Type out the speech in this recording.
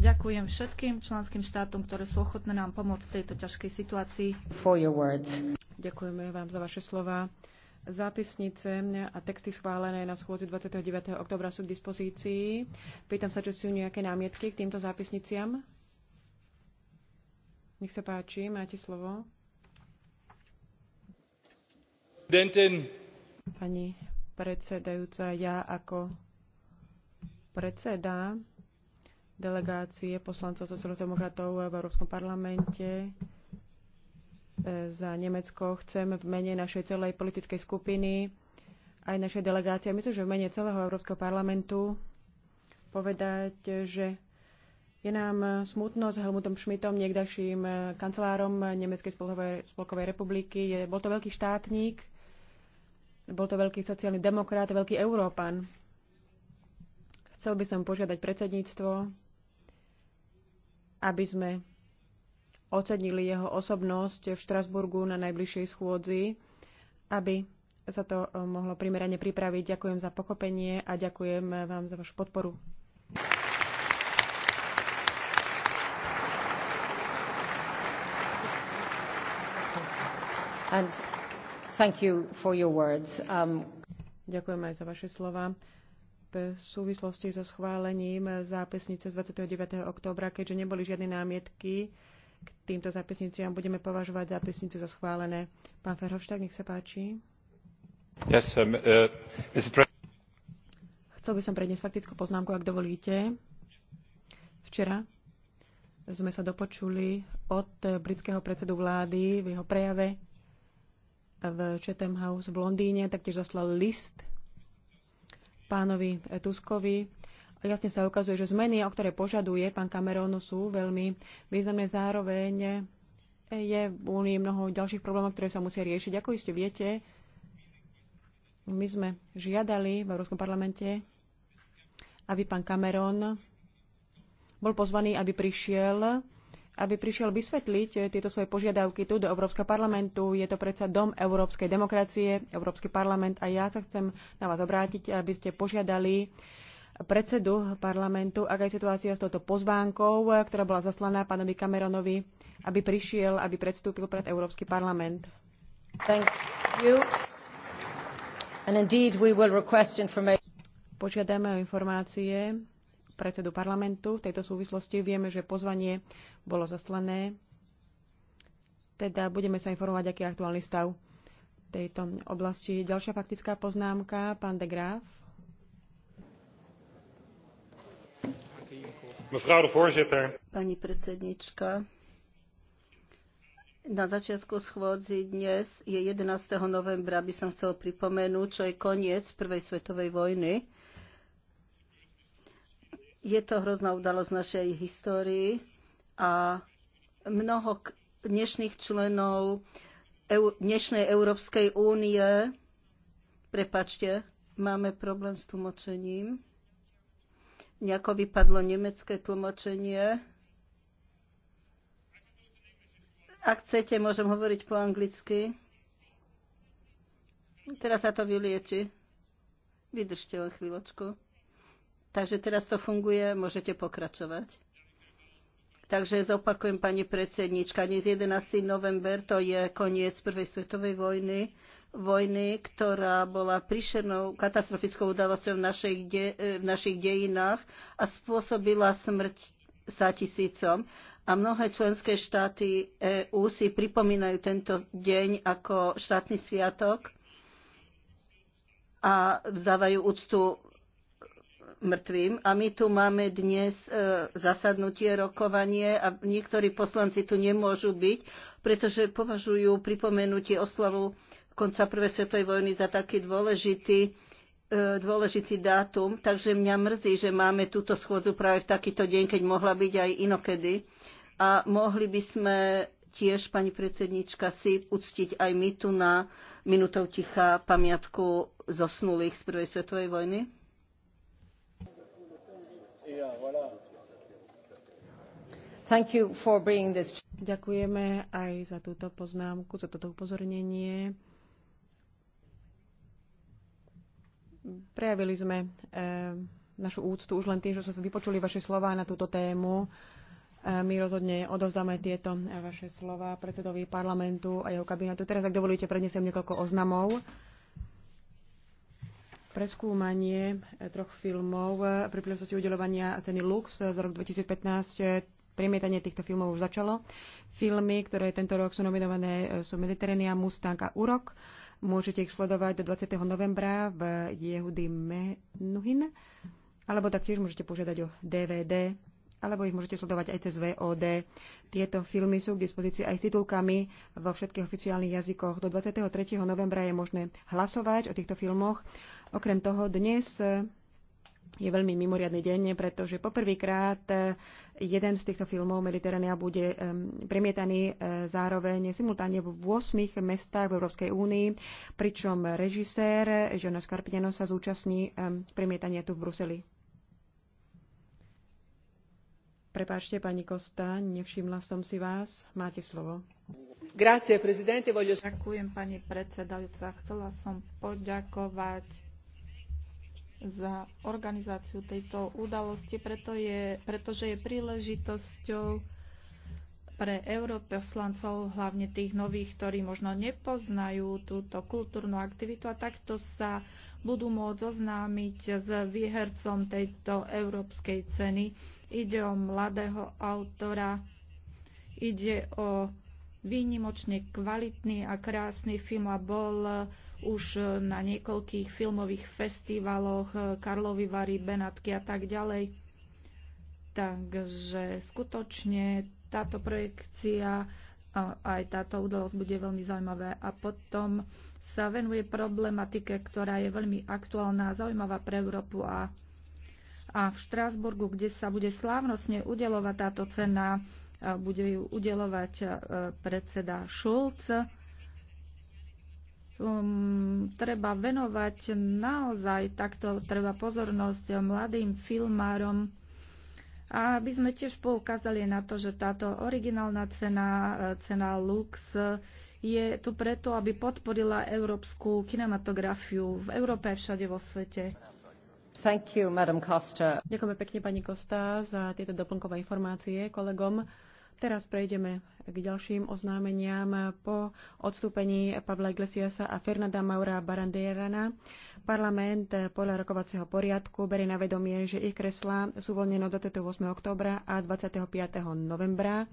ďakujem všetkým členským štátom, ktoré sú ochotné nám pomôcť v tejto ťažkej situácii. For your words. Ďakujeme vám za vaše slova. Zápisnice a texty schválené na schôdzi 29. oktobra sú k dispozícii. Pýtam sa, či sú nejaké námietky k týmto zápisniciam. Nech sa páči, máte slovo. Dentin. Pani predsedajúca, ja ako predseda delegácie poslancov sociálno-demokratov v Európskom parlamente eh, za Nemecko. Chcem v mene našej celej politickej skupiny aj našej delegácie, myslím, že v mene celého Európskeho parlamentu povedať, že je nám smutno s Helmutom Schmidtom, niekdaším eh, kancelárom Nemeckej spolkovej, spolkovej republiky. Je, bol to veľký štátnik, bol to veľký sociálny demokrat, veľký Európan. Chcel by som požiadať predsedníctvo, aby sme ocenili jeho osobnosť v Štrasburgu na najbližšej schôdzi, aby sa to eh, mohlo primerane pripraviť. Ďakujem za pochopenie a ďakujem eh, vám za vašu podporu. And thank you for your words. Um... Ďakujem aj za vaše slova v súvislosti so schválením zápisnice z 29. októbra, keďže neboli žiadne námietky k týmto zápisniciam, budeme považovať zápisnice za schválené. Pán Ferhovšták, nech sa páči. Yes, um, uh, Chcel by som predniesť faktickú poznámku, ak dovolíte. Včera sme sa dopočuli od britského predsedu vlády v jeho prejave v Chatham House v Londýne, taktiež zaslal list pánovi eh, Tuskovi. Jasne sa ukazuje, že zmeny, o ktoré požaduje pán Cameron, sú veľmi významné. Zároveň eh, je v Únii mnoho ďalších problémov, ktoré sa musia riešiť. Ako iste viete, my sme žiadali v Európskom parlamente, aby pán Cameron bol pozvaný, aby prišiel aby prišiel vysvetliť eh, tieto svoje požiadavky tu do Európskeho parlamentu. Je to predsa dom európskej demokracie, Európsky parlament a ja sa chcem na vás obrátiť, aby ste požiadali predsedu parlamentu, aká je situácia s touto pozvánkou, eh, ktorá bola zaslaná pánovi Cameronovi, aby prišiel, aby predstúpil pred Európsky parlament. Thank you. And indeed we will request information. Požiadame o informácie predsedu parlamentu. V tejto súvislosti vieme, že pozvanie bolo zaslané. Teda budeme sa informovať, aký je aktuálny stav tejto oblasti. Ďalšia faktická poznámka, pán de Graaf. Pani predsednička, na začiatku schôdzi dnes je 11. novembra, by som chcel pripomenúť, čo je koniec Prvej svetovej vojny je to hrozná udalosť našej histórii a mnoho dnešných členov dnešnej Európskej únie, prepačte, máme problém s tlmočením. Nejako vypadlo nemecké tlmočenie. Ak chcete, môžem hovoriť po anglicky. Teraz sa to vylieči. Vydržte len chvíľočku. Takže teraz to funguje, môžete pokračovať. Takže zopakujem, pani predsednička, dnes 11. november, to je koniec Prvej svetovej vojny, vojny, ktorá bola príšernou katastrofickou udalosťou v, de, e, v našich dejinách a spôsobila smrť sa tisícom. A mnohé členské štáty EÚ si pripomínajú tento deň ako štátny sviatok a vzdávajú úctu mŕtvým. A my tu máme dnes e, zasadnutie, rokovanie a niektorí poslanci tu nemôžu byť, pretože považujú pripomenutie oslavu konca Prvej svetovej vojny za taký dôležitý e, dôležitý dátum, takže mňa mrzí, že máme túto schôdzu práve v takýto deň, keď mohla byť aj inokedy. A mohli by sme tiež, pani predsednička, si uctiť aj my tu na minutou ticha pamiatku zosnulých z Prvej svetovej vojny? Ďakujeme aj za túto poznámku, za toto upozornenie. Prejavili sme eh, našu úctu už len tým, že sme vypočuli vaše slova na túto tému. Eh, my rozhodne odozdáme tieto eh, vaše slova predsedovi parlamentu a jeho kabinetu. Teraz, ak dovolíte, prednesiem niekoľko oznamov. Preskúmanie troch filmov pri príležitosti udelovania ceny Lux z roku 2015 premietanie týchto filmov už začalo. Filmy, ktoré tento rok sú nominované, e, sú Mediterania, Mustang a Urok. Môžete ich sledovať do 20. novembra v Jehudy Menuhin, alebo taktiež môžete požiadať o DVD, alebo ich môžete sledovať aj cez VOD. Tieto filmy sú k dispozícii aj s titulkami vo všetkých oficiálnych jazykoch. Do 23. novembra je možné hlasovať o týchto filmoch. Okrem toho dnes je veľmi mimoriadný deň, pretože poprvýkrát eh, jeden z týchto filmov Mediterania bude premietaný eh, zároveň simultánne v 8 mestách v Európskej únii, pričom režisér Žona Skarpineno sa zúčastní premietania tu v Bruseli. Prepáčte, pani Kosta, nevšimla som si vás. Máte slovo. Grazie, prezidente. Voglio... Ďakujem, pani predsedajúca. Chcela som poďakovať za organizáciu tejto udalosti, preto je, pretože je príležitosťou pre europoslancov, hlavne tých nových, ktorí možno nepoznajú túto kultúrnu aktivitu a takto sa budú môcť zoznámiť s výhercom tejto európskej ceny. Ide o mladého autora, ide o výnimočne kvalitný a krásny film a bol eh, už eh, na niekoľkých filmových festivaloch eh, Karlovy Vary, Benatky a tak ďalej. Takže skutočne táto projekcia a aj táto udalosť bude veľmi zaujímavá. A potom sa venuje problematike, ktorá je veľmi aktuálna a zaujímavá pre Európu a, a v Štrásburgu, kde sa bude slávnostne udelovať táto cena bude ju udelovať e, predseda Šulc. Um, treba venovať naozaj takto treba pozornosť mladým filmárom, a aby sme tiež poukázali na to, že táto originálna cena, e, cena Lux, e, je tu preto, aby podporila európsku kinematografiu v Európe a všade vo svete. Thank you, Madam Costa. Ďakujeme pekne, pani Costa, za tieto doplnkové informácie kolegom. Teraz prejdeme k ďalším oznámeniam. Po odstúpení Pavla Iglesiasa a Fernanda Maura Barandierana. parlament podľa rokovacieho poriadku berie na vedomie, že ich kreslá sú voľnené do 28. oktobra a 25. novembra